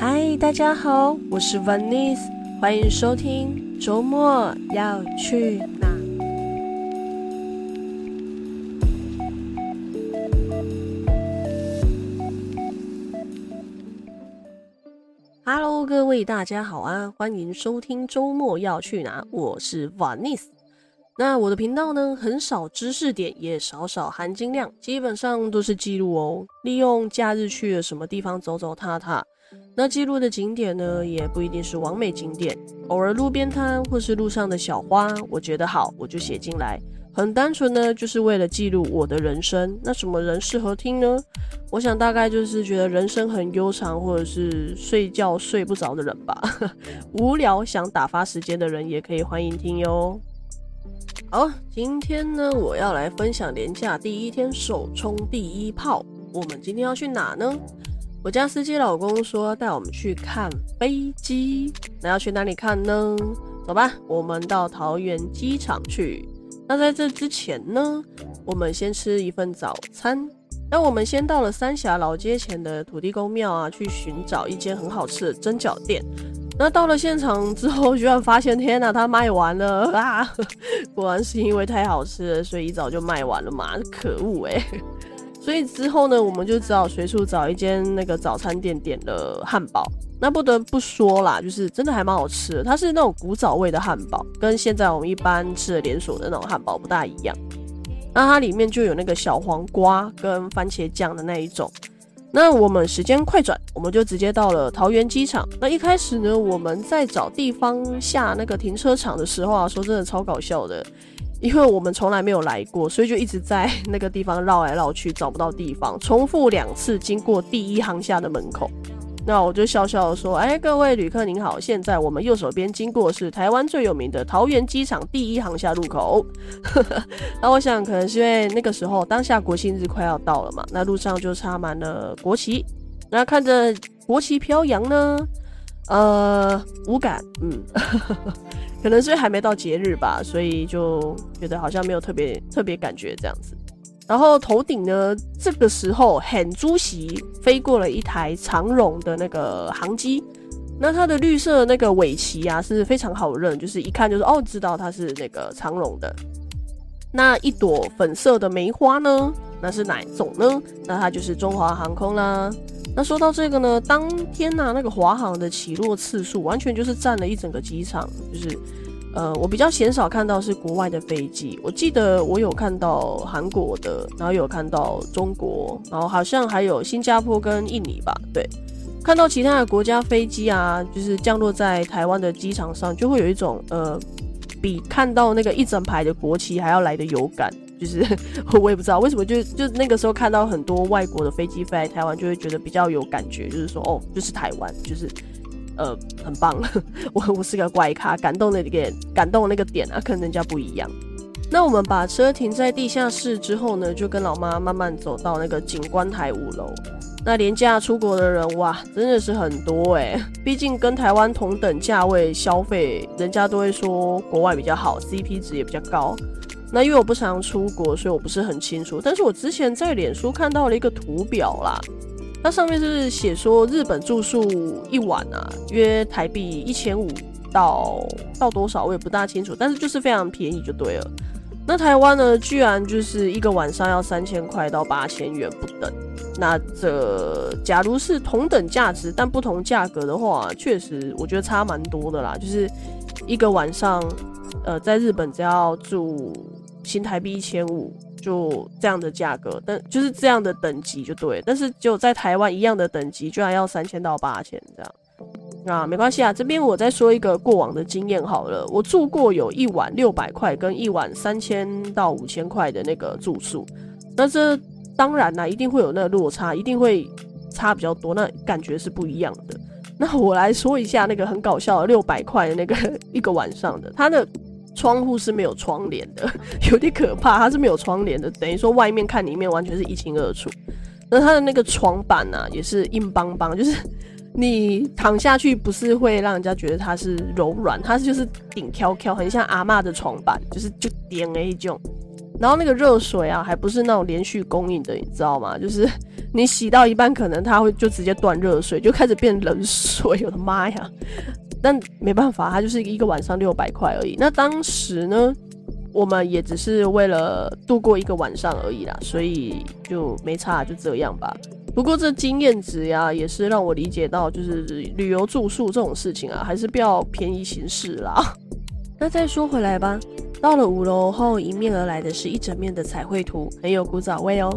嗨，大家好，我是 Vanice，歡迎收聽週末要去哪。Hello，各位大家好啊，歡迎收聽週末要去哪，我是 Vanice。那我的頻道呢，很少知識點，也少少含金量，基本上都是記錄哦，利用假日去了什麼地方走走踏踏。那記錄的景點呢，也不一定是網美景點，偶爾路邊攤或是路上的小花，我覺得好我就寫進來。很單純呢，就是為了記錄我的人生。那什麼人適合聽呢？我想大概就是覺得人生很悠長，或者是睡覺睡不着的人吧。 無聊想打發時間的人也可以歡迎聽喲。好，今天呢，我要來分享連假第一天手沖第一泡。我們今天要去哪呢？我家司機老公說帶我們去看飛機，那要去哪裡看呢？走吧，我們到桃園機場去。那在這之前呢，我們先吃一份早餐。那我們先到了三峽老街前的土地公廟啊，去尋找一間很好吃的蒸餃店。那到了現場之後，居然發現天哪，它賣完了，啊！果然是因為太好吃了，所以一早就賣完了嘛，可惡誒、欸！所以之後呢，我們就只好隨處找一間那個早餐店點的漢堡。那不得不說啦，就是真的還蠻好吃的。它是那種古早味的漢堡，跟現在我們一般吃的連鎖的那種漢堡不大一樣。那它裡面就有那個小黃瓜跟番茄醬的那一種。那我們時間快轉，我們就直接到了桃園機場。那一開始呢，我們在找地方下那個停車場的時候啊，說真的超搞笑的。因為我們從來沒有來過，所以就一直在那個地方繞來繞去，找不到地方。重複兩次經過第一航廈的門口，那我就笑笑說：“哎、欸，各位旅客您好，現在我們右手邊經過是台灣最有名的桃園機場第一航廈入口。 ”那我想可能是因為那個時候當下國慶日快要到了嘛，那路上就插滿了國旗，那看着國旗飄揚呢，呃，無感，嗯。 可能是還沒到節日吧，所以就覺得好像沒有特別特別感覺這樣子。然後頭頂呢，這個時候很主席飛過了一台長榮的那個航機，那它的綠色的那個尾鰭啊是非常好認，就是一看就是哦，知道它是那個長榮的。那一朵粉色的梅花呢，那是哪一種呢？那它就是中華航空啦。說到這個呢，當天吶、啊，那個華航的起落次數完全就是占了一整個機場，就是，呃，我比較鮮少看到是國外的飛機。我記得我有看到韓國的，然後有看到中國，然後好像還有新加坡跟印尼吧。對，看到其他的國家飛機啊，就是降落在台灣的機場上，就會有一種呃，比看到那個一整排的國旗還要來得有感。就是我也不知道為什麼，就就那個時候看到很多外國的飛機飛來台灣，就會覺得比較有感覺。就是說，哦，就是台灣，就是呃，很棒。我我是個怪咖，感動的點，感動的那個點啊，跟人家不一樣。那我們把車停在地下室之後呢，就跟老媽慢慢走到那個景觀台五樓。那廉價出國的人哇，真的是很多哎。畢竟跟台灣同等價位消費，人家都會說國外比較好，CP 值也比較高。那因為我不常出國，所以我不是很清楚。但是我之前在臉書看到了一個圖表啦，它上面就是寫說日本住宿一晚啊，約台幣一千五到到多少，我也不大清楚。但是就是非常便宜就對了。那台灣呢，居然就是一個晚上要三千塊到八千元不等。那這假如是同等價值但不同價格的話，確實我覺得差蠻多的啦。就是一個晚上，呃，在日本只要住。新台幣一千五，就這樣的價格，但就是這樣的等級就對。但是，只有在台灣一樣的等級，居然要三千到八千這樣啊，沒關係啊，這邊我再說一個過往的經驗好了。我住過有一晚六百塊，跟一晚三千到五千塊的那個住宿。那這當然啦、啊，一定會有那個落差，一定會差比較多，那感覺是不一樣的。那我來說一下那個很搞笑的六百塊的那個一個晚上的，它的。窗戶是沒有窗簾的，有點可怕。它是沒有窗簾的，等於說外面看裡面完全是一清二楚。那它的那個床板啊，也是硬邦邦，就是你躺下去不是會讓人家覺得它是柔軟，它就是頂飄飄，很像阿嬤的床板，就是就點了一種。然後那個熱水啊，還不是那種連續供應的，你知道嗎？就是。你洗到一半，可能它會就直接斷熱水，就開始變冷水。我的媽呀！但沒辦法，它就是一個晚上六百塊而已。那當時呢，我們也只是為了度過一個晚上而已啦，所以就沒差，就這樣吧。不過這經驗值呀，也是讓我理解到，就是旅遊住宿這種事情啊，還是不要便宜行事啦。那再說回來吧，到了五樓後，迎面而來的是一整面的彩繪圖，很有古早味哦。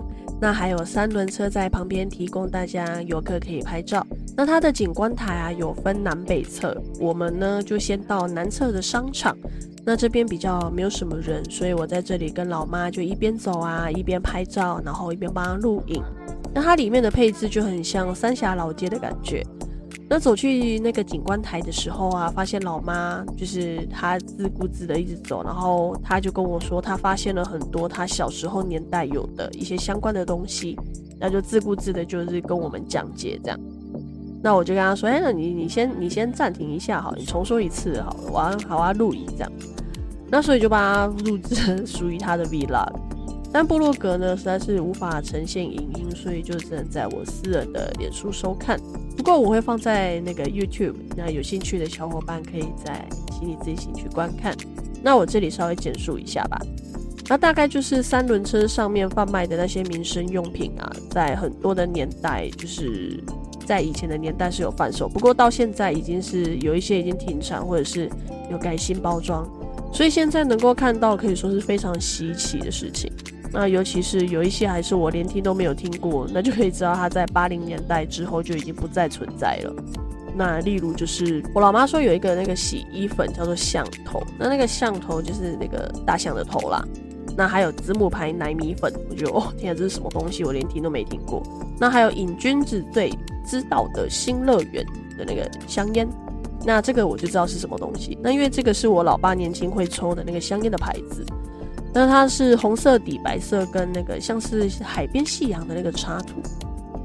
那還有三輪車在旁邊提供大家遊客可以拍照。那它的景觀台啊，有分南北側，我們呢就先到南側的商場。那這邊比較沒有什麼人，所以我在這裡跟老媽就一邊走啊一邊拍照，然後一邊幫她錄影。那它裡面的配置就很像三峽老街的感覺。那走去那個景觀臺的時候啊，發現老媽就是她自顧自的一直走，然後她就跟我說，她發現了很多她小時候年代有的一些相關的東西，那就自顧自的就是跟我們講解這樣。那我就跟她說，哎，那你你先你先暫停一下哈，你重說一次好了，我要好好錄影這樣。那所以就把她錄製屬於她的 Vlog，但部落格呢實在是無法呈現影音，所以就只能在我私人的臉書收看。不過我會放在那個 YouTube，那有興趣的小夥伴可以在請你自行去觀看。那我這裡稍微簡述一下吧。那大概就是三輪車上面販賣的那些民生用品啊，在很多的年代，就是在以前的年代是有販售，不過到現在已經是有一些已經停產，或者是有改新包裝，所以現在能夠看到，可以說是非常稀奇的事情。那尤其是有一些還是我連聽都沒有聽過，那就可以知道它在八零年代之後就已經不再存在了。那例如就是我老媽說有一個那個洗衣粉叫做象頭，那那個象頭就是那個大象的頭啦。那還有子母牌奶米粉，我就、哦、天啊，這是什麼東西？我連聽都沒聽過。那還有癮君子最知道的新樂園的那個香煙，那這個我就知道是什麼東西。那因為這個是我老爸年輕會抽的那個香煙的牌子。那它是紅色底白色跟那個像是海邊夕陽的那個插圖，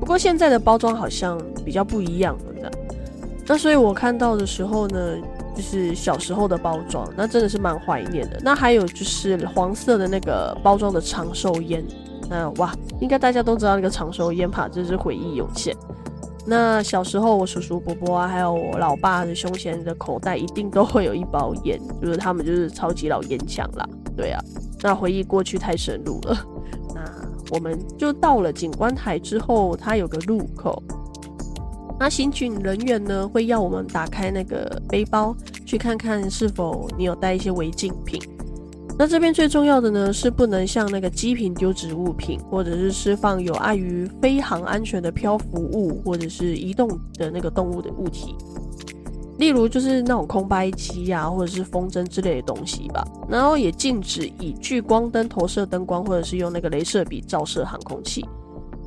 不過現在的包裝好像比較不一樣了。那所以我看到的時候呢，就是小時候的包裝，那真的是蠻懷念的。那還有就是黃色的那個包裝的長壽煙，那哇，應該大家都知道那個長壽煙吧？就是回憶湧現。那小時候我叔叔伯伯啊，還有我老爸的胸前的口袋一定都會有一包煙，就是他們就是超級老煙槍啦，對啊。那回憶過去太深入了， 那我們就到了景觀台之後，它有個路口。那刑警人員呢，會要我們打開那個背包，去看看是否你有帶一些違禁品。那這邊最重要的呢，是不能像那個機坪、丟擲物品，或者是釋放有礙於飛航安全的漂浮物，或者是移動的那個動物的物體。例如就是那種空拍機呀、啊，或者是風箏之類的東西吧。然後也禁止以聚光燈投射燈光，或者是用那個鐳射筆照射航空器。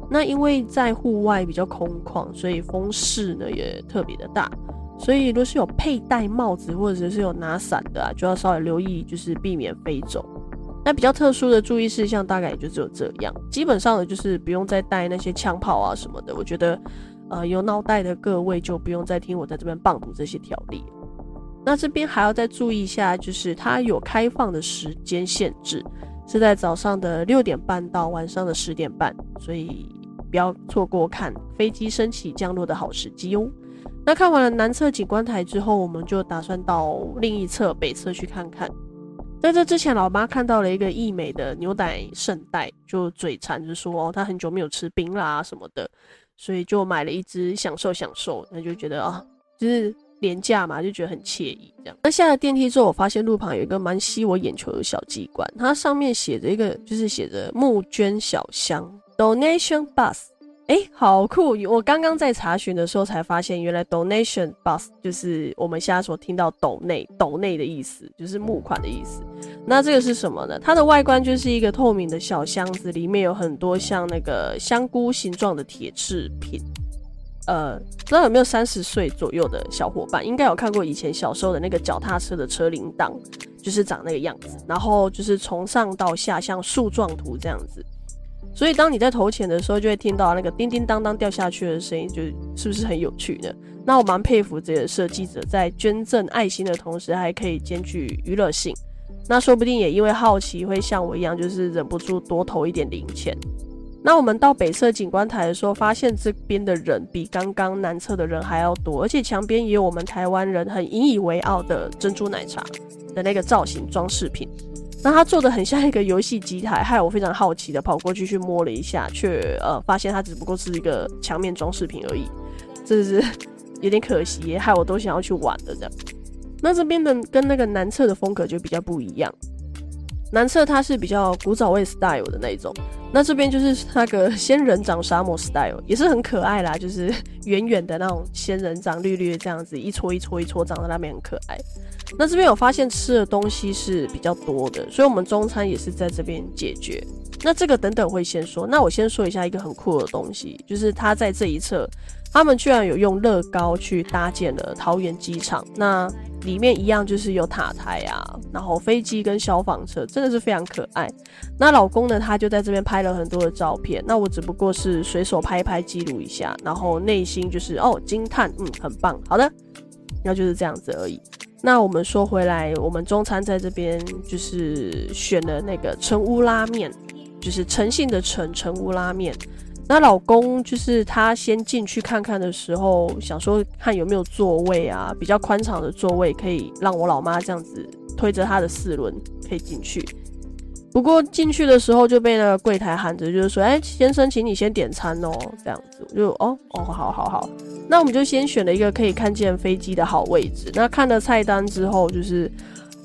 那因為在戶外比較空曠，所以風勢呢也特別的大。所以若是有佩戴帽子或者是有拿傘的啊，就要稍微留意，就是避免飛走。那比較特殊的注意事項大概也就只有這樣。基本上呢就是不用再帶那些槍炮啊什麼的，我覺得。呃，有腦袋的各位就不用再聽我在這邊棒讀這些條例。那這邊還要再注意一下，就是它有開放的時間限制，是在早上的六點半到晚上的十點半，所以不要錯過看飛機升起降落的好時機哦。那看完了南側景觀台之後，我們就打算到另一側北側去看看。在這之前，老媽看到了一個義美的牛奶聖代，就嘴饞就說，哦，她很久沒有吃冰啦，啊，什麼的。所以就買了一支享受享受，那就覺得啊、哦，就是廉價嘛，就覺得很愜意這樣。那下了電梯之後，我發現路旁有一個蠻吸我眼球的小機關，它上面寫着一個，就是寫着募捐小箱 ，Donation Bus 誒、欸，好酷！我剛剛在查詢的時候才發現，原來 donation bus 就是我們現在所聽到“斗內斗內”的意思，就是募款的意思。那這個是什麼呢？它的外觀就是一個透明的小箱子，裡面有很多像那個香菇形狀的鐵製品。呃，不知道有沒有三十歲左右的小伙伴，應該有看過以前小時候的那個腳踏車的車鈴鐺，就是長那個樣子，然後就是從上到下像樹狀圖這樣子。所以，當你在投錢的時候，就會聽到、啊、那個叮叮噹噹掉下去的聲音，就是、是不是很有趣呢？那我蠻佩服這些設計者，在捐贈愛心的同時，還可以兼具娛樂性。那說不定也因為好奇，會像我一樣，就是忍不住多投一點零錢。那我們到北側景觀台的時候，發現這邊的人比剛剛南側的人還要多，而且牆邊也有我們台灣人很引以為傲的珍珠奶茶的那個造型裝飾品。那它做的很像一個，遊戲機台，害我非常好奇的跑過去去摸了一下，卻呃發現它只不過是一個牆面裝飾品而已，真是有點可惜，害我都想要去玩的這樣。那這邊的跟那個南側的風格就比較不一樣。南側它是比較古早味 style 的那一種，那這邊就是那個仙人掌沙漠 style，也是很可愛啦，就是圓圓的那種仙人掌，綠綠的這樣子，一撮一撮一撮長在那邊很可愛。那這邊有發現吃的東西是比較多的，所以我們中餐也是在這邊解決。那這個等等會先說，那我先說一下一個很酷的東西，就是它在這一側。他們居然有用樂高去搭建了桃園機場，那裡面一樣就是有塔台啊，然後飛機跟消防車，真的是非常可愛。那老公呢，他就在這邊拍了很多的照片，那我只不過是隨手拍一拍，記錄一下，然後內心就是哦，驚嘆，嗯，很棒，好的，那就是這樣子而已。那我們說回來，我們中餐在這邊就是選了那個誠屋拉麵，就是誠信的誠，誠屋拉麵。那老公就是他先進去看看的時候，想說看有沒有座位啊，比較寬敞的座位可以讓我老媽這樣子推着他的四輪可以進去。不過進去的時候就被那個櫃檯喊着，就是說，哎，先生，請你先點餐哦，這樣子就哦哦，好好好。那我們就先選了一個可以看見飛機的好位置。那看了菜單之後，就是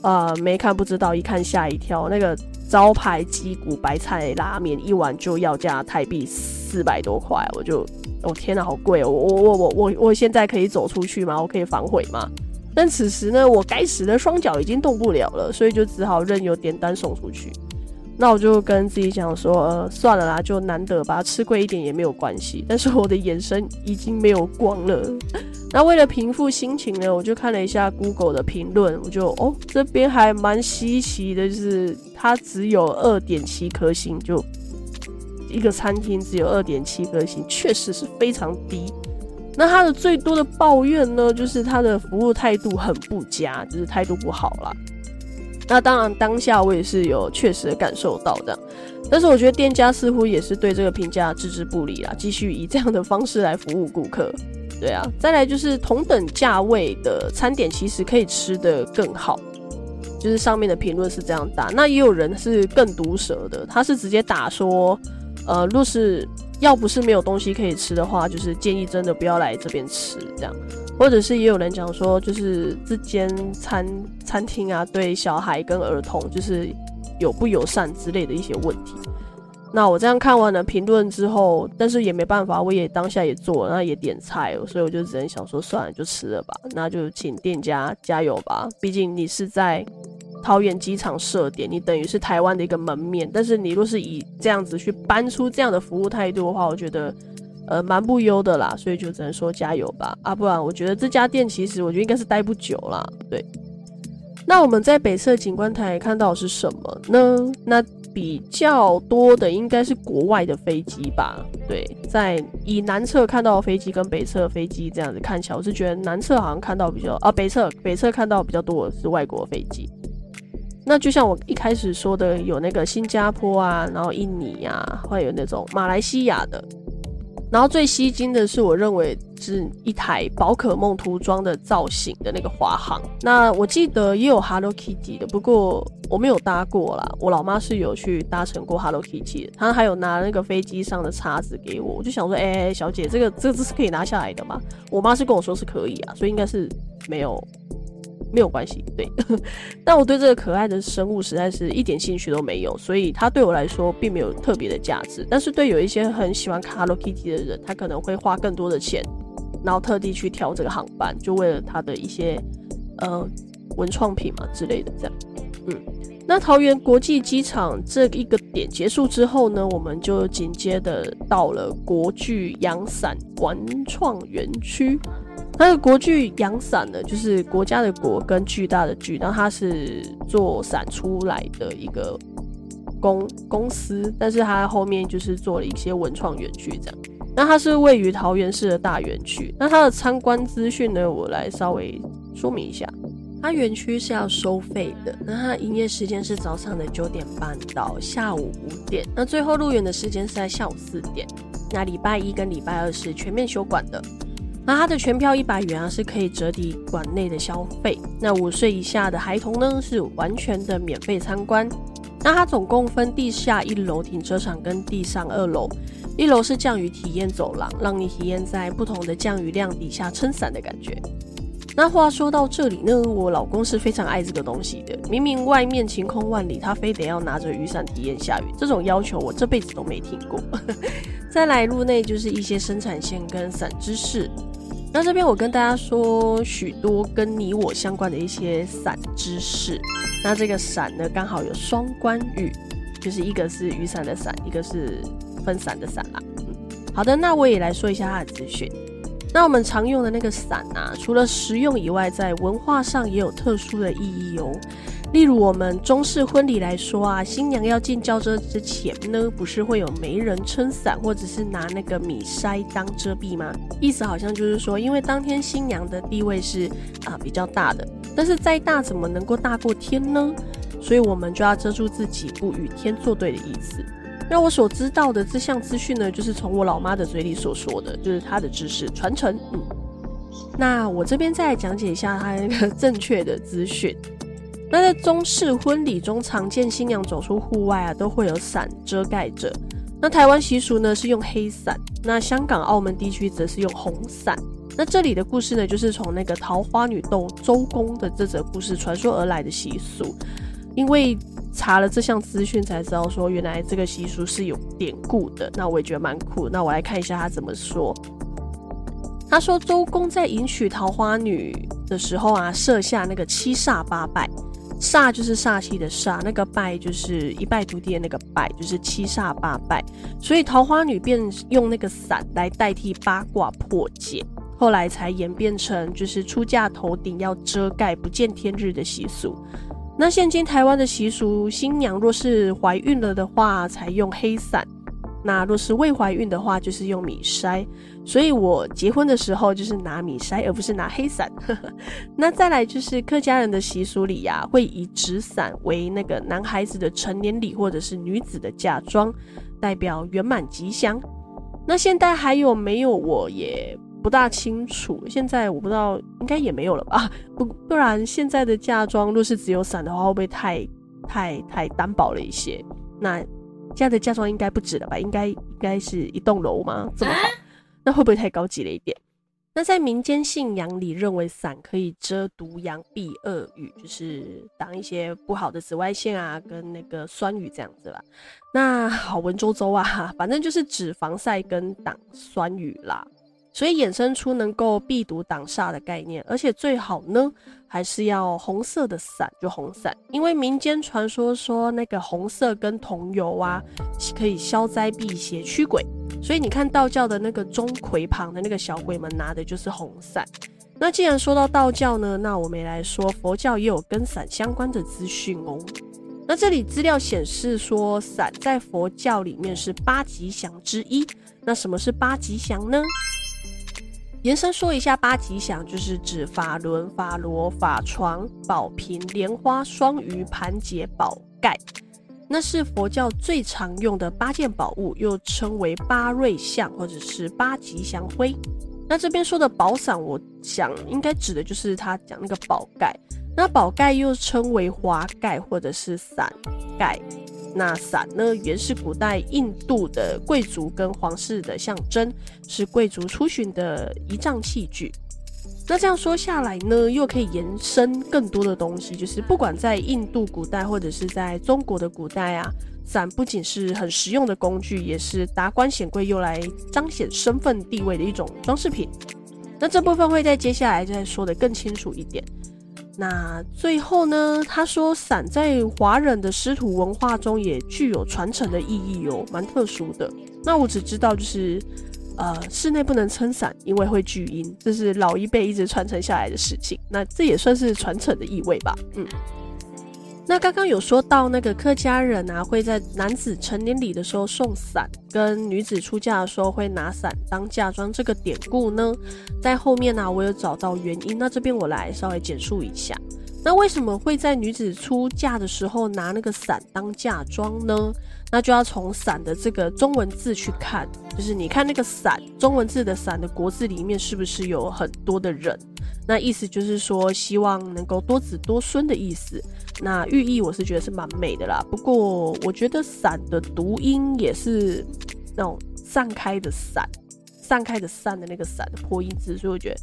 呃，沒看不知道，一看嚇一跳，那個。招牌雞骨白菜拉麵一碗就要價台幣四百多塊，我就，我、哦、天哪、啊，好貴哦！我我我我我，我現在可以走出去嗎？我可以反悔嗎？但此時呢，我該死的雙腳已經動不了了，所以就只好任由點單送出去。那我就跟自己講說，呃，算了啦，就難得吧，吃貴一點也沒有關係。但是我的眼神已經沒有光了。 那為了平復心情呢，我就看了一下 Google 的評論，我就哦，這邊還蠻稀奇的，就是它只有二點七顆星，就一個餐廳只有二點七顆星，確實是非常低。那它的最多的抱怨呢，就是它的服務態度很不佳，就是態度不好啦。那當然，當下我也是有確實感受到的，但是我覺得店家似乎也是對這個評價置之不理啦，繼續以這樣的方式來服務顧客。對啊，再來就是同等價位的餐點，其實可以吃得更好。就是上面的評論是這樣打，那也有人是更毒舌的，他是直接打說，呃，若是。要不是沒有東西可以吃的話，就是建議真的不要來這邊吃這樣。或者是也有人講說，就是這間餐餐廳啊，對小孩跟兒童就是有不友善之類的一些問題。那我這樣看完了評論之後，但是也沒辦法，我也當下也做了，然後也點菜，所以我就只能想說，算了，就吃了吧。那就請店家加油吧，畢竟你是在。桃園機場設點，你等於是台灣的一個門面，但是你若是以這樣子去搬出這樣的服務態度的話，我覺得，呃，蠻不優的啦。所以就只能說加油吧，啊，不然我覺得這家店其實我覺得應該是待不久啦。對，那我們在北側景觀台看到的是什麼呢？那比較多的應該是國外的飛機吧？對，在以南側看到的飛機跟北側的飛機這樣子看起來，我是覺得南側好像看到比較啊，北側北側看到比較多的是外國的飛機。那就像我一開始說的，有那個新加坡啊，然後印尼啊，還有那種馬來西亞的。然後最吸睛的是，我認為是一台寶可夢塗裝的造型的那個華航。那我記得也有 Hello Kitty 的，不過我沒有搭過啦。我老媽是有去搭乘過 Hello Kitty 的，她還有拿那個飛機上的叉子給我，我就想說，哎、欸，小姐，這個這個這是可以拿下來的嗎？我媽是跟我說是可以啊，所以應該是沒有。沒有關係，對。 但我對這個可愛的生物實在是一點興趣都沒有，所以它對我來說並沒有特別的價值。但是對有一些很喜歡 Hello Kitty 的人，他可能會花更多的錢，然後特地去挑這個航班，就為了他的一些呃文創品嘛之類的。這樣，嗯，那桃園國際機場這一個點結束之後呢，我們就緊接着到了國巨洋傘文創園區。它、那、的、個、國巨洋傘呢，就是國家的國跟巨大的巨，然後它是做傘出來的一個公公司，但是它後面就是做了一些文創園區這樣。那它是位於桃園市的大園區。那它的參觀資訊呢，我來稍微說明一下。它園區是要收費的，那它營業時間是早上的九點半到下午五點，那最後入園的時間是在下午四點。那禮拜一跟禮拜二是全面休館的。那它的全票一百元啊，是可以折抵館內的消費。那五歲以下的孩童呢，是完全的免費參觀。那它總共分地下一樓停車場跟地上二樓，一樓是降雨體驗走廊，讓你體驗在不同的降雨量底下撐傘的感覺。那話說到這裡呢，我老公是非常愛這個東西的。明明外面晴空萬里，他非得要拿着雨傘體驗下雨，這種要求我這輩子都沒聽過。 再來入內就是一些生產線跟傘知識。那這邊我跟大家說許多跟你我相關的一些傘知識。那這個“傘”呢，剛好有雙關語，就是一個是雨傘的“傘”，一個是分散的“傘”啦。嗯，好的，那我也來說一下它的資訊。那我們常用的那個傘啊，除了實用以外，在文化上也有特殊的意義哦。例如，我們中式婚禮來說啊，新娘要進轎車之前呢，不是會有媒人撐傘，或者是拿那個米篩當遮蔽嗎？意思好像就是說，因為當天新娘的地位是啊、呃、比較大的，但是再大怎麼能夠大過天呢？所以我們就要遮住自己，不與天作對的意思。讓我所知道的這項資訊呢，就是從我老媽的嘴裡所說的，就是她的知識傳承。嗯，那我這邊再來講解一下她那個正確的資訊。那在中式婚禮中，常見新娘走出戶外啊，都會有傘遮蓋着。那台灣習俗呢是用黑傘，那香港、澳門地區則是用紅傘。那這裡的故事呢，就是從那個桃花女鬥周公的這則故事傳說而來的習俗，因為，查了這項資訊才知道，說原來這個習俗是有典故的。那我也覺得蠻酷。那我來看一下他怎麼說。他說周公在迎娶桃花女的時候啊，設下那個七煞八拜，煞就是煞氣的煞，那個拜就是一敗塗地的那個拜，就是七煞八拜。所以桃花女便用那個傘來代替八卦破解，後來才演變成就是出嫁頭頂要遮蓋不見天日的習俗。那現今台灣的習俗，新娘若是懷孕了的話，才用黑傘；那若是未懷孕的話，就是用米篩。所以我結婚的時候就是拿米篩，而不是拿黑傘。 那再來就是客家人的習俗裡呀、啊，會以紙傘為那個男孩子的成年禮，或者是女子的嫁妝，代表圓滿吉祥。那現在還有沒有？我也。不大清楚，現在我不知道，應該也沒有了吧？不不然，現在的嫁妝若是只有傘的話，會不會太太太單薄了一些？那現在的嫁妝應該不止了吧？應該應該是一棟樓嗎？這麼好、啊，那會不會太高級了一點？那在民間信仰裡，認為傘可以遮毒陽、避惡雨，就是擋一些不好的紫外線啊，跟那個酸雨這樣子吧。那好文縐縐啊，反正就是指防曬跟擋酸雨啦。所以衍生出能夠避毒擋煞的概念，而且最好呢，還是要紅色的傘，就紅傘。因為民間傳說說，那個紅色跟桐油啊，可以消災辟邪驅鬼。所以你看道教的那個鍾馗旁的那個小鬼們拿的就是紅傘。那既然說到道教呢，那我們也來說佛教也有跟傘相關的資訊哦。那這裡資料顯示說，傘在佛教裡面是八吉祥之一。那什麼是八吉祥呢？延伸說一下，八吉祥就是指法輪、法螺、法床、寶瓶、蓮花、雙魚、盤結、寶蓋，那是佛教最常用的八件寶物，又稱為八瑞相或者是八吉祥徽。那這邊說的寶傘，我想應該指的就是他講那個寶蓋，那寶蓋又稱為華蓋或者是傘蓋。那傘呢，原是古代印度的貴族跟皇室的象徵，是貴族出巡的儀仗器具。那這樣說下來呢，又可以延伸更多的東西，就是不管在印度古代或者是在中國的古代啊，傘不僅是很實用的工具，也是達官顯貴用來彰顯身份地位的一種裝飾品。那這部分會在接下來再說的更清楚一點。那最後呢，他說，傘在華人的師徒文化中也具有傳承的意義哦、喔，蠻特殊的。那我只知道就是，呃，室內不能撐傘，因為會聚陰，這是老一輩一直傳承下來的事情。那這也算是傳承的意味吧？嗯。那剛剛有說到那個客家人啊，會在男子成年禮的時候送傘，跟女子出嫁的時候會拿傘當嫁妝，這個典故呢，在後面呢，啊，我有找到原因。那這邊我來稍微簡述一下。那為什麼會在女子出嫁的時候拿那個傘當嫁妝呢？那就要從傘的這個中文字去看，就是你看那個傘，中文字的傘的國字裡面是不是有很多的人？那意思就是說希望能夠多子多孫的意思。那寓意，我是覺得是蠻美的啦。不過我覺得傘的讀音也是那種散開的散，散開的散的那個傘的破音字，所以我覺得，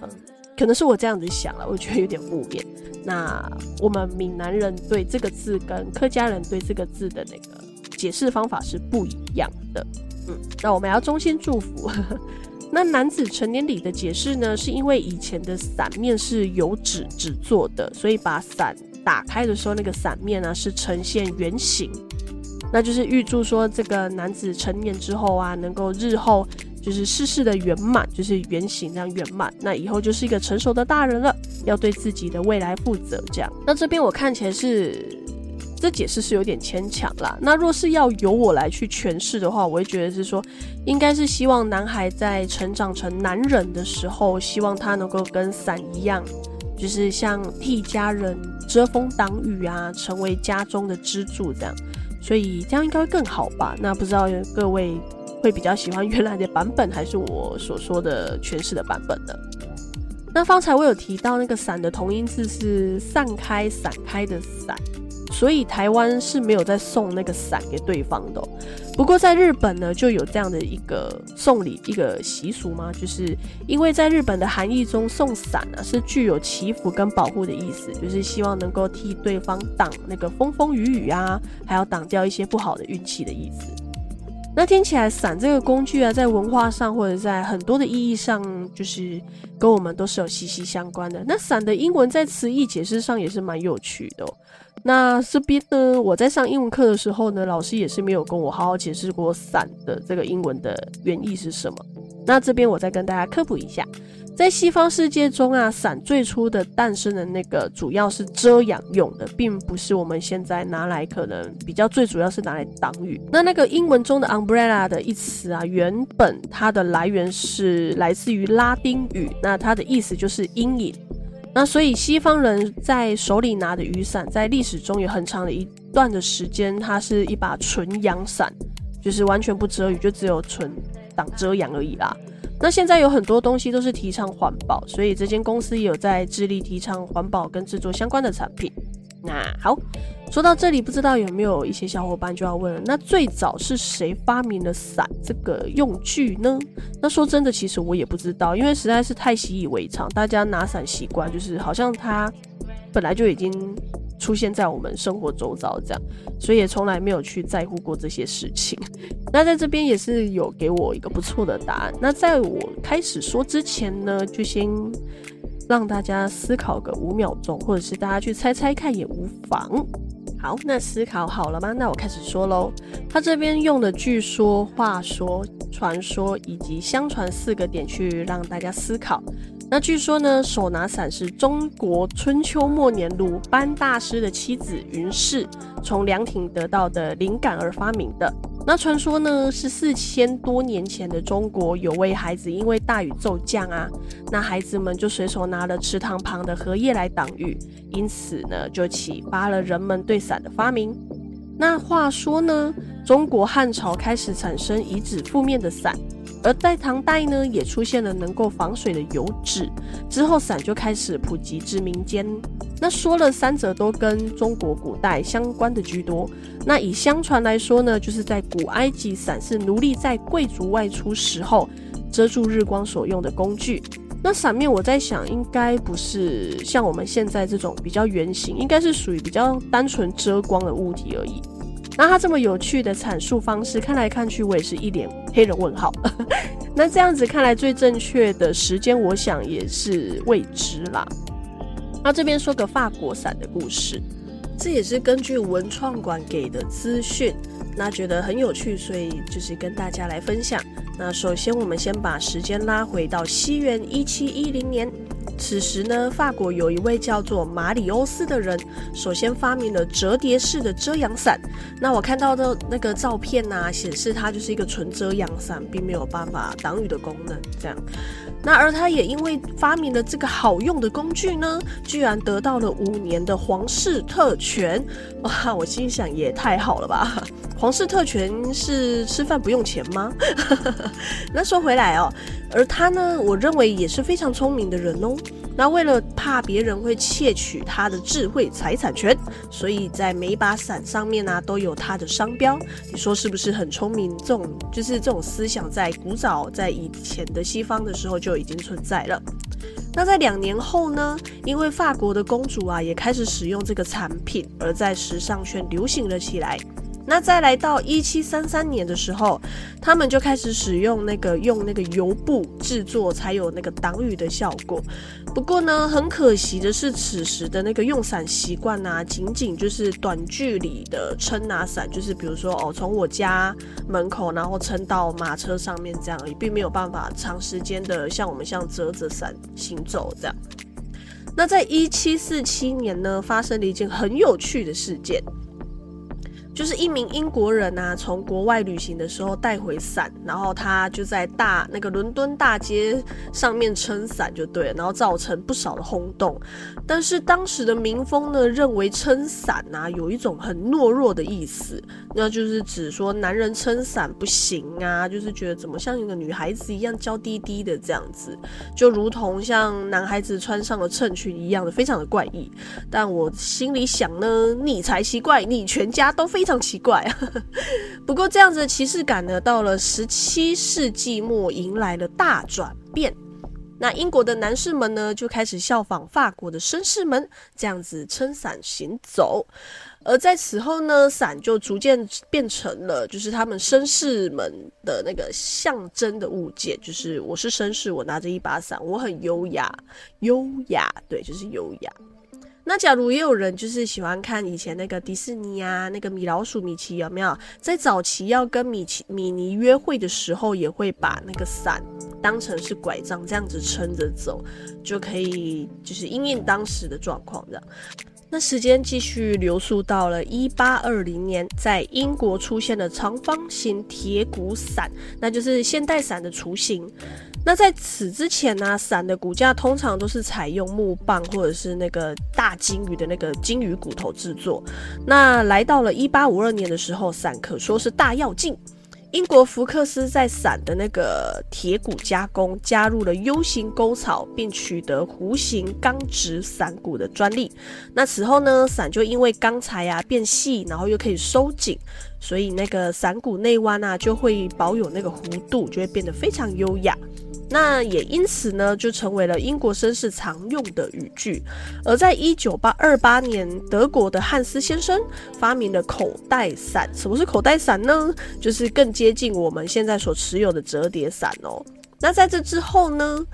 嗯、呃。可能是我這樣子想了，我覺得有點負面。那我們閩南人對這個字跟客家人對這個字的那個解釋方法是不一樣的。嗯，那我們要衷心祝福。 那男子成年禮的解釋呢，是因為以前的傘面是油紙紙做的，所以把傘打開的時候，那個傘面呢、啊、是呈現圓形，那就是預祝說這個男子成年之後啊，能夠日後。就是事事的圓滿，就是圓形這樣圓滿，那以後就是一個成熟的大人了，要對自己的未來負責這樣。那這邊我看起來是，這解釋是有點牽強啦。那若是要由我來去詮釋的話，我會覺得是說，應該是希望男孩在成長成男人的時候，希望他能夠跟傘一樣，就是像替家人遮風擋雨啊，成為家中的支柱這樣。所以這樣應該會更好吧？那不知道各位。會比較喜歡原來的版本，還是我所說的詮釋的版本呢？那方才我有提到那個“傘”的同音字是“散開”，“散開”的“傘”。所以台灣是沒有在送那個傘給對方的哦。不過在日本呢，就有這樣的一個送禮一個習俗嗎？就是因為在日本的含義中，送傘啊是具有祈福跟保護的意思，就是希望能夠替對方擋那個風風雨雨啊，還要擋掉一些不好的運氣的意思。那聽起來傘這個工具啊，在文化上或者在很多的意義上，就是跟我們都是有息息相關的。那傘的英文在詞義解釋上也是蠻有趣的喔。那這邊呢，我在上英文課的時候呢，老師也是沒有跟我好好解釋過傘的這個英文的原意是什麼。那這邊我再跟大家科普一下。在西方世界中啊，傘最初的誕生的那個主要是遮陽用的，並不是我們現在拿來可能比較最主要是拿來擋雨。那那個英文中的 umbrella 的一詞啊，原本它的來源是來自於拉丁語，那它的意思就是陰影。那所以西方人在手裡拿的雨傘，在歷史中有很長的一段的時間，它是一把純陽傘，就是完全不遮雨，就只有純擋遮陽而已啦。那現在有很多東西都是提倡環保，所以這間公司也有在致力提倡環保跟制作相關的產品。那好，說到這裡，不知道有沒有一些小伙伴就要問了，那最早是誰發明了傘這個用具呢？那說真的，其實我也不知道，因為實在是太習以為常，大家拿傘習慣，就是好像它本來就已經。出現在我們生活周遭，這樣，所以也從來沒有去在乎過這些事情。那在這邊也是有給我一個不錯的答案。那在我開始說之前呢，就先讓大家思考個五秒鐘，或者是大家去猜猜看也無妨。好，那思考好了嗎？那我開始說嘍。他這邊用的據說、話說、傳說以及相傳四個點去讓大家思考。那據說呢，手拿傘是中國春秋末年魯班大師的妻子雲氏從涼亭得到的靈感而發明的。那傳說呢，是四千多年前的中國有位孩子因為大雨驟降啊，那孩子們就隨手拿了池塘旁的荷葉來擋雨，因此呢就啟發了人們對傘的發明。那話說呢，中國漢朝開始產生以紙覆面的傘。而在唐代呢，也出現了能夠防水的油紙。之後傘就開始普及至民間。那說了三者都跟中國古代相關的居多。那以相傳來說呢，就是在古埃及，傘是奴隸在貴族外出時候遮住日光所用的工具。那傘面，我在想，應該不是像我們現在這種比較圓形，應該是屬於比較單純遮光的物體而已。那他這麼有趣的闡述方式，看來看去我也是一臉黑人問號。 那這樣子看來，最正確的時間，我想也是未知啦。那這邊說個法國傘的故事，這也是根據文創館給的資訊，那覺得很有趣，所以就是跟大家來分享。那首先我們先把時間拉回到西元一七一零年。此時呢，法國有一位叫做馬里歐斯的人，首先發明了折疊式的遮陽傘。那我看到的那個照片呢、啊，顯示它就是一個純遮陽傘，並沒有辦法擋雨的功能。這樣，那而他也因為發明了這個好用的工具呢，居然得到了五年的皇室特權。哇，我心想也太好了吧！皇室特權是吃飯不用錢嗎？ 那說回來哦。而他呢，我認為也是非常聰明的人哦。那為了怕別人會竊取他的智慧財產權，所以在每一把傘上面呢，都有他的商標。你說是不是很聰明？這種就是這種思想在古早在以前的西方的時候就已經存在了。那在兩年後呢，因為法國的公主啊也開始使用這個產品，而在時尚圈流行了起來。那再來到一七三三年的時候，他們就開始使用那個用那個油布制作才有那個擋雨的效果。不過呢，很可惜的是，此時的那個用傘習慣呢、啊，僅僅就是短距離的撐拿傘，就是比如說哦，從我家門口然後撐到馬車上面這樣，也並沒有辦法長時間的像我們像折著傘行走這樣。那在一七四七年呢，發生了一件很有趣的事件。就是一名英國人吶、啊，從國外旅行的時候帶回傘，然後他就在大那個倫敦大街上面撐傘，就對了，然後造成不少的轟動。但是當時的民風呢，認為撐傘吶、啊、有一種很懦弱的意思，那就是指說男人撐傘不行啊，就是覺得怎麼像一個女孩子一樣嬌滴滴的這樣子，就如同像男孩子穿上了襯裙一樣的，非常的怪異。但我心裡想呢，你才奇怪，你全家都非。非常奇怪啊， 不過這樣子的歧視感呢，到了十七世紀末迎來了大轉變。那英國的男士們呢，就開始效仿法國的紳士們，這樣子撐傘行走。而在此後呢，傘就逐漸變成了就是他們紳士們的那個象徵的物件。就是我是紳士，我拿着一把傘，我很優雅，優雅，對，就是優雅。那假如也有人就是喜歡看以前那個迪士尼啊，那個米老鼠米奇有沒有？在早期要跟米奇米妮約會的時候，也會把那個傘當成是拐杖，這樣子撐着走，就可以就是因應當時的狀況這樣。那時間繼續流溯到了一八二零年，在英國出現的長方形鐵骨傘，那就是現代傘的雛形。那在此之前呢、啊，傘的骨架通常都是採用木棒或者是那個大鯨魚的那個鯨魚骨頭制作。那來到了一八五二年的時候，傘可說是大躍進。英國福克斯在傘的那個鐵骨加工加入了 U 型溝槽，並取得弧形鋼直傘骨的專利。那此後呢，傘就因為鋼材呀、啊、變細，然後又可以收緊。所以那個傘骨內彎啊，就會保有那個弧度，就會變得非常優雅。那也因此呢，就成為了英國紳士常用的語句。而在一九二八年，德國的漢斯先生發明了口袋傘。什麼是口袋傘呢？就是更接近我們現在所持有的折疊傘哦。那在這之後呢，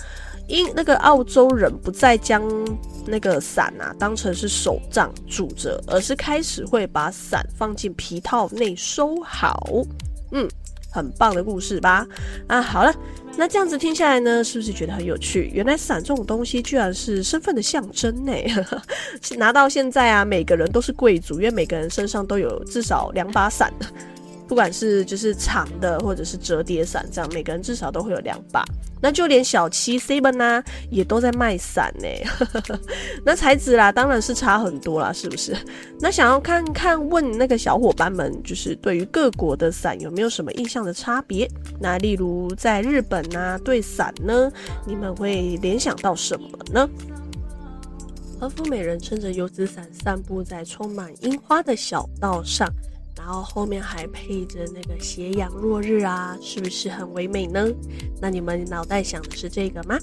因那個澳洲人不再將那個傘吶、啊、當成是手杖拄着，而是開始會把傘放進皮套內收好。嗯，很棒的故事吧？啊，好了，那這樣子聽下來呢，是不是覺得很有趣？原來傘這種東西居然是身份的象徵呢！ 拿到現在啊，每個人都是貴族，因為每個人身上都有至少兩把傘。不管是就是長的，或者是摺疊傘這樣，每個人至少都會有兩把。那就連小七、Seven 呢，n 也都在賣傘呢、欸。 那材質啦，當然是差很多啦，是不是？那想要看看問那個小夥伴們，就是對於各國的傘有沒有什麼印象的差別？那例如在日本呢、啊，對傘呢，你們會聯想到什麼呢？和服美人撐着油紙傘，散步在充滿櫻花的小道上。然後後面還配着那個斜陽落日啊，是不是很唯美呢？那你們腦袋想的是這個嗎？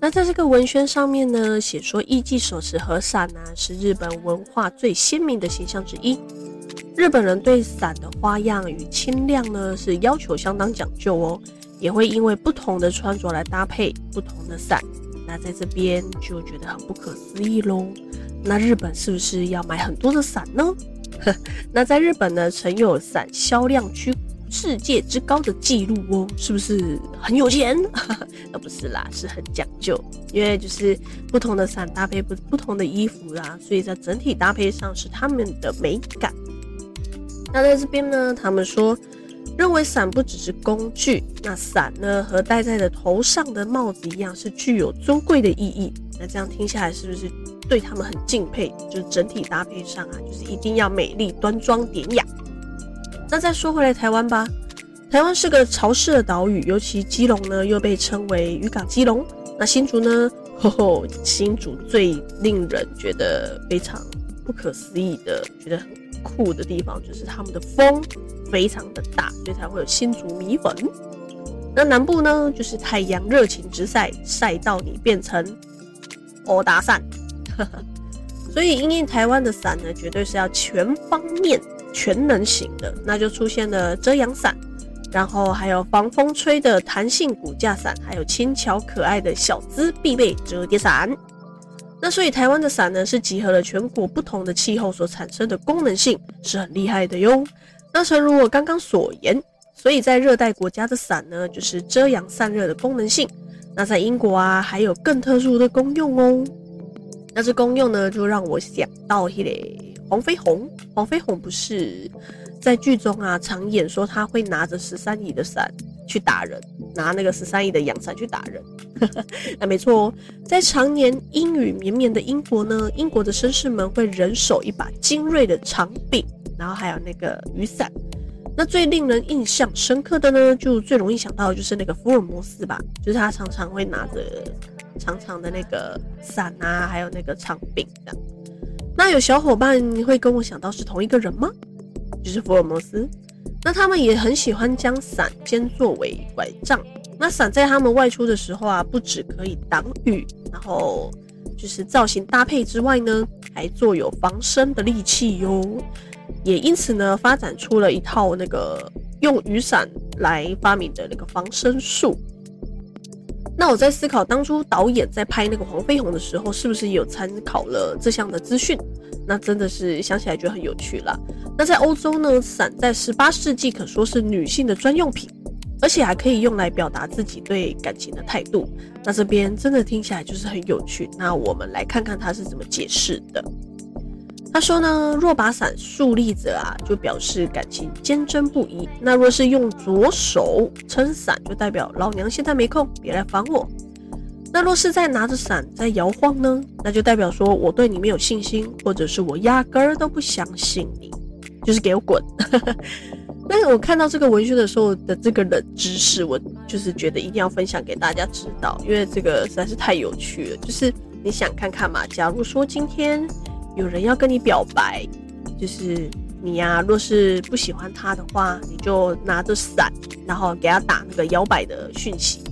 那在這個文宣上面呢，寫說藝妓手持和傘呢、啊，是日本文化最鮮明的形象之一。日本人對傘的花樣與輕量呢，是要求相當講究哦。也會因為不同的穿着來搭配不同的傘。那在這邊就覺得很不可思議嘍。那日本是不是要買很多的傘呢？ 那在日本呢，曾有傘銷量居世界之高的記錄哦，是不是很有錢？ 那不是啦，是很講究，因為就是不同的傘搭配不不同的衣服啦、啊，所以在整體搭配上是他們的美感。那在這邊呢，他們說認為傘不只是工具，那傘呢和戴在的頭上的帽子一樣，是具有尊貴的意義。那這樣聽下來是不是？對他們很敬佩，就是整體搭配上啊，就是一定要美麗、端莊、典雅。那再說回來台灣吧，台灣是個潮濕的島嶼，尤其基隆呢，又被稱為漁港基隆。那新竹呢，呵、哦、呵，新竹最令人覺得非常不可思議的，覺得很酷的地方，就是他們的風非常的大，所以才會有新竹米粉。那南部呢，就是太陽熱情直曬，曬到你變成歐達傘。 所以，因應台灣的傘呢，絕對是要全方面、全能型的，那就出現了遮陽傘，然後還有防風吹的彈性骨架傘，還有輕巧可愛的小資必備折疊傘。那所以，台灣的傘呢，是集合了全國不同的氣候所產生的功能性，是很厲害的喲。那誠如我剛剛所言，所以在熱帶國家的傘呢，就是遮陽散熱的功能性；那在英國啊，還有更特殊的功用哦。那這功用呢，就讓我想到嘞，黃飛鴻。黃飛鴻不是在劇中啊，常演說他會拿着十三姨的傘去打人，拿那個十三姨的洋傘去打人。 那沒錯，在常年陰雨綿綿的英國呢，英國的紳士們會人手一把精銳的長柄，然後還有那個雨傘。那最令人印象深刻的呢，就最容易想到的就是那個福爾摩斯吧，就是他常常會拿着長長的那個傘啊，還有那個長柄的。那有小夥伴會跟我想到是同一個人嗎？就是福爾摩斯。那他們也很喜歡將傘兼作為拐杖。那傘在他們外出的時候啊，不只可以擋雨，然後就是造型搭配之外呢，還做有防身的利器喲。也因此呢，發展出了一套那個用雨傘來發明的那個防身術。那我在思考，當初導演在拍那個黃飛鴻的時候，是不是有參考了這項的資訊？那真的是想起來就很有趣了。那在歐洲呢，傘在十八世紀可說是女性的專用品，而且還可以用來表達自己對感情的態度。那這邊真的聽起來就是很有趣。那我們來看看他是怎麼解釋的。他說呢，若把傘豎立着啊，就表示感情堅貞不移；那若是用左手撐傘，就代表老娘現在沒空，別來煩我。那若是再拿着傘在搖晃呢，那就代表說我對你沒有信心，或者是我壓根兒都不相信你，就是給我滾。 那我看到這個文學的時候的這個冷知識，我就是覺得一定要分享給大家知道，因為這個實在是太有趣了。就是你想看看嘛，假如說今天。有人要跟你表白，就是你呀。若是不喜歡他的話，你就拿着傘，然後給他打那個搖擺的訊息。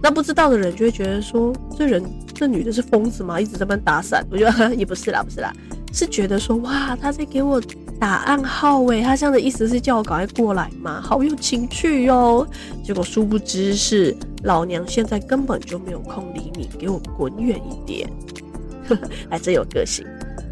那不知道的人就會覺得說，這人這女的是瘋子嗎？一直在那邊打傘。我覺得也不是啦，不是啦，是覺得說，哇，他在給我打暗號哎，他這樣的意思是叫我趕快過來嘛，好有情趣喲。結果殊不知是老娘現在根本就沒有空理你，給我滾遠一點，呵呵還真有個性。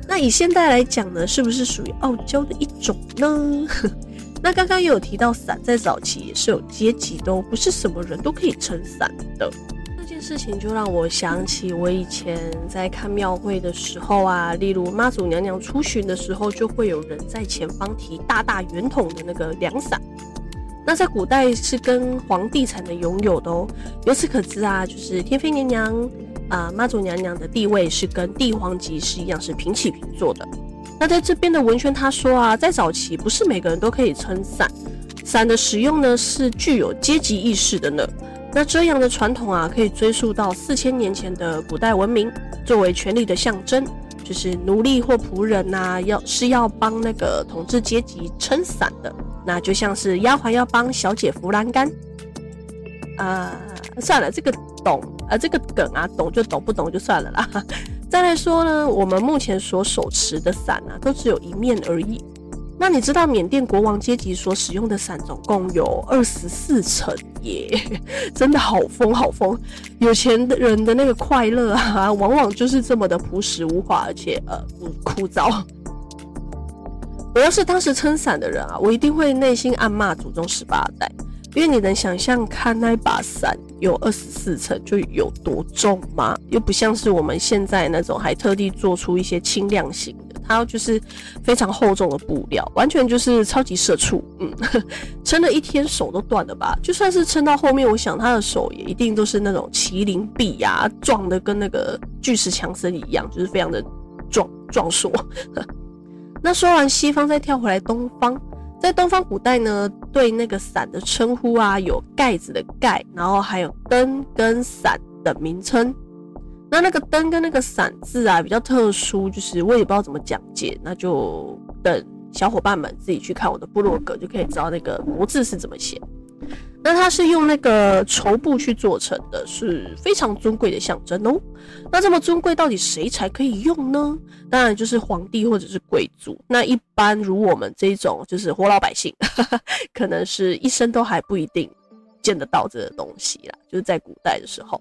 那以現代來講呢，是不是屬於傲嬌的一種呢？ 那剛剛也有提到傘，在早期也是有階級的哦，不是什麼人都可以撐傘的。這件事情就讓我想起我以前在看廟會的時候啊，例如媽祖娘娘出巡的時候，就會有人在前方提大大圓筒的那個涼傘。那在古代是跟皇帝才能擁有的哦。由此可知啊，就是天妃娘娘。啊、呃，媽祖娘娘的地位是跟帝皇級是一樣，是平起平坐的。那在這邊的文圈，他說啊，在早期不是每個人都可以撐傘，傘的使用呢是具有階級意識的呢。那這樣的傳統啊，可以追溯到四千年前的古代文明，作為權力的象徵，就是奴隸或僕人吶、啊，要是要幫那個統治階級撐傘的，那就像是丫鬟要幫小姐扶欄杆。啊、呃，算了，這個。懂、呃、啊，這個梗啊，懂就懂，不懂就算了啦。再來說呢，我們目前所手持的傘啊，都只有一面而已。那你知道緬甸國王階級所使用的傘總共有二十四層耶，真的好瘋好瘋！有錢人的那個快樂啊，往往就是這麼的樸實無華，而且呃不枯燥。我要是當時撐傘的人啊，我一定會內心暗罵祖宗十八代，因為你能想象看那把傘。有二十四層就有多重嗎？又不像是我們現在那種還特地做出一些輕量型的，它就是非常厚重的布料，完全就是超級社畜。嗯，撐了一天手都斷了吧？就算是撐到後面，我想他的手也一定都是那種麒麟臂呀，啊，壯的跟那個巨石強森一樣，就是非常的壯壯碩。那說完西方，再跳回來東方。在東方古代呢，對那個傘的稱呼啊，有蓋子的蓋，然後還有燈跟傘的名稱。那那個燈跟那個傘字啊，比較特殊，就是我也不知道怎麼講解，那就等小夥伴們自己去看我的部落格，就可以知道那個國字是怎麼寫。那它是用那個綢布去做成的，是非常尊貴的象徵哦。那這麼尊貴，到底誰才可以用呢？當然就是皇帝或者是貴族。那一般如我們這種就是活老百姓， 可能是一生都還不一定見得到這個東西啦。就是在古代的時候，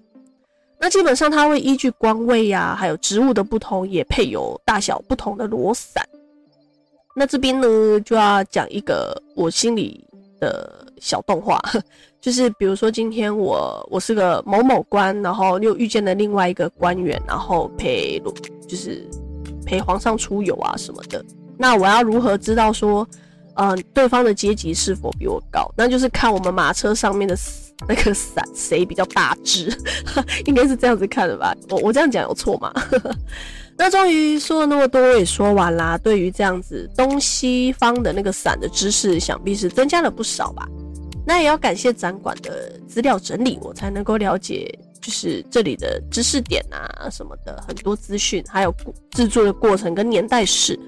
那基本上它會依據官位呀、啊，還有職務的不同，也配有大小不同的羅傘。那這邊呢，就要講一個我心裡。的小動畫， 就是比如說今天我我是個某某官，然後又遇見了另外一個官員，然後陪就是陪皇上出游啊什麼的。那我要如何知道說，嗯、呃，對方的階級是否比我高？那就是看我們馬車上面的。那個傘誰比較大只？ 應該是這樣子看的吧？我我這樣講有錯嗎？ 那終於說了那麼多，我也說完啦。對於這樣子東西方的那個傘的知識，想必是增加了不少吧？那也要感謝展館的資料整理，我才能夠了解就是這裡的知識點啊什麼的很多資訊，還有制作的過程跟年代史。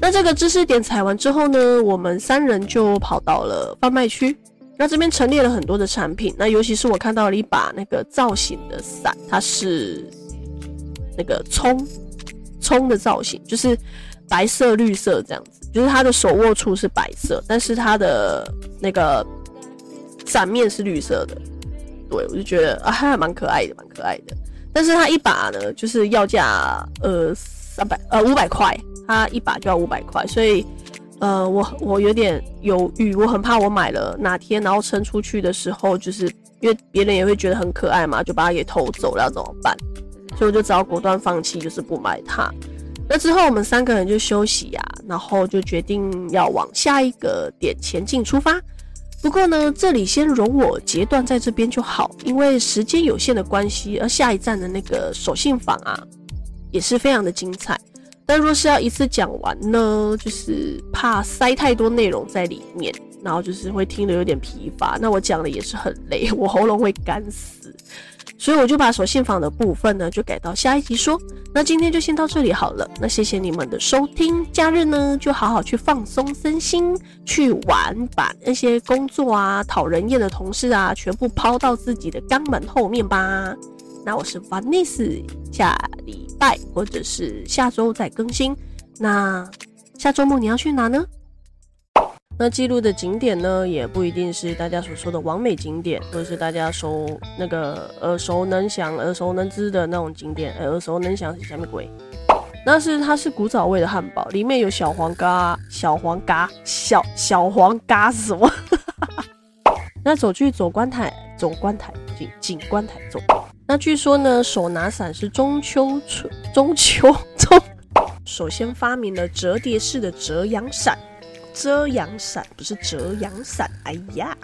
那這個知識點踩完之後呢，我們三人就跑到了販賣區。那這邊陳列了很多的產品，那尤其是我看到了一把那個造型的傘，它是那個蔥蔥的造型，就是白色綠色這樣子，就是它的手握處是白色，但是它的那個傘面是綠色的。對，我就覺得啊，還蠻可愛的，蠻可愛的。但是它一把呢，就是要價呃三百呃五百塊，它一把就要五百塊，所以。呃，我我有點猶豫，我很怕我買了哪天，然後撐出去的時候，就是因為別人也會覺得很可愛嘛，就把它給偷走了怎麼辦？所以我就只好果斷放棄，就是不買它。那之後我們三個人就休息呀、啊，然後就決定要往下一個點前進出發。不過呢，這裡先容我截斷在這邊就好，因為時間有限的關係，而下一站的那個手信坊啊，也是非常的精彩。但若是要一次講完呢，就是怕塞太多內容在裡面，然後就是會聽得有點疲乏。那我講的也是很累，我喉嚨會乾死，所以我就把手信坊的部分呢，就改到下一集說。那今天就先到這裡好了。那謝謝你們的收聽。假日呢，就好好去放鬆身心，去玩，把那些工作啊、討人厭的同事啊，全部拋到自己的肛門後面吧。那我是 Vanice 下禮拜或者是下周再更新。那下周末你要去哪呢？那記錄的景點呢，也不一定是大家所說的完美景點，或者是大家熟那個耳熟能詳、耳熟能知的那種景點。耳熟能詳是什麼鬼？那是它是古早味的漢堡，裡面有小黃嘎、小黃嘎、小小黃嘎是什麼？ 那走去走觀台，走觀台進景觀台走。那據說呢，手拿傘是中秋春，中秋中，首先發明了折疊式的遮陽傘，遮陽傘，不是遮陽傘，哎呀。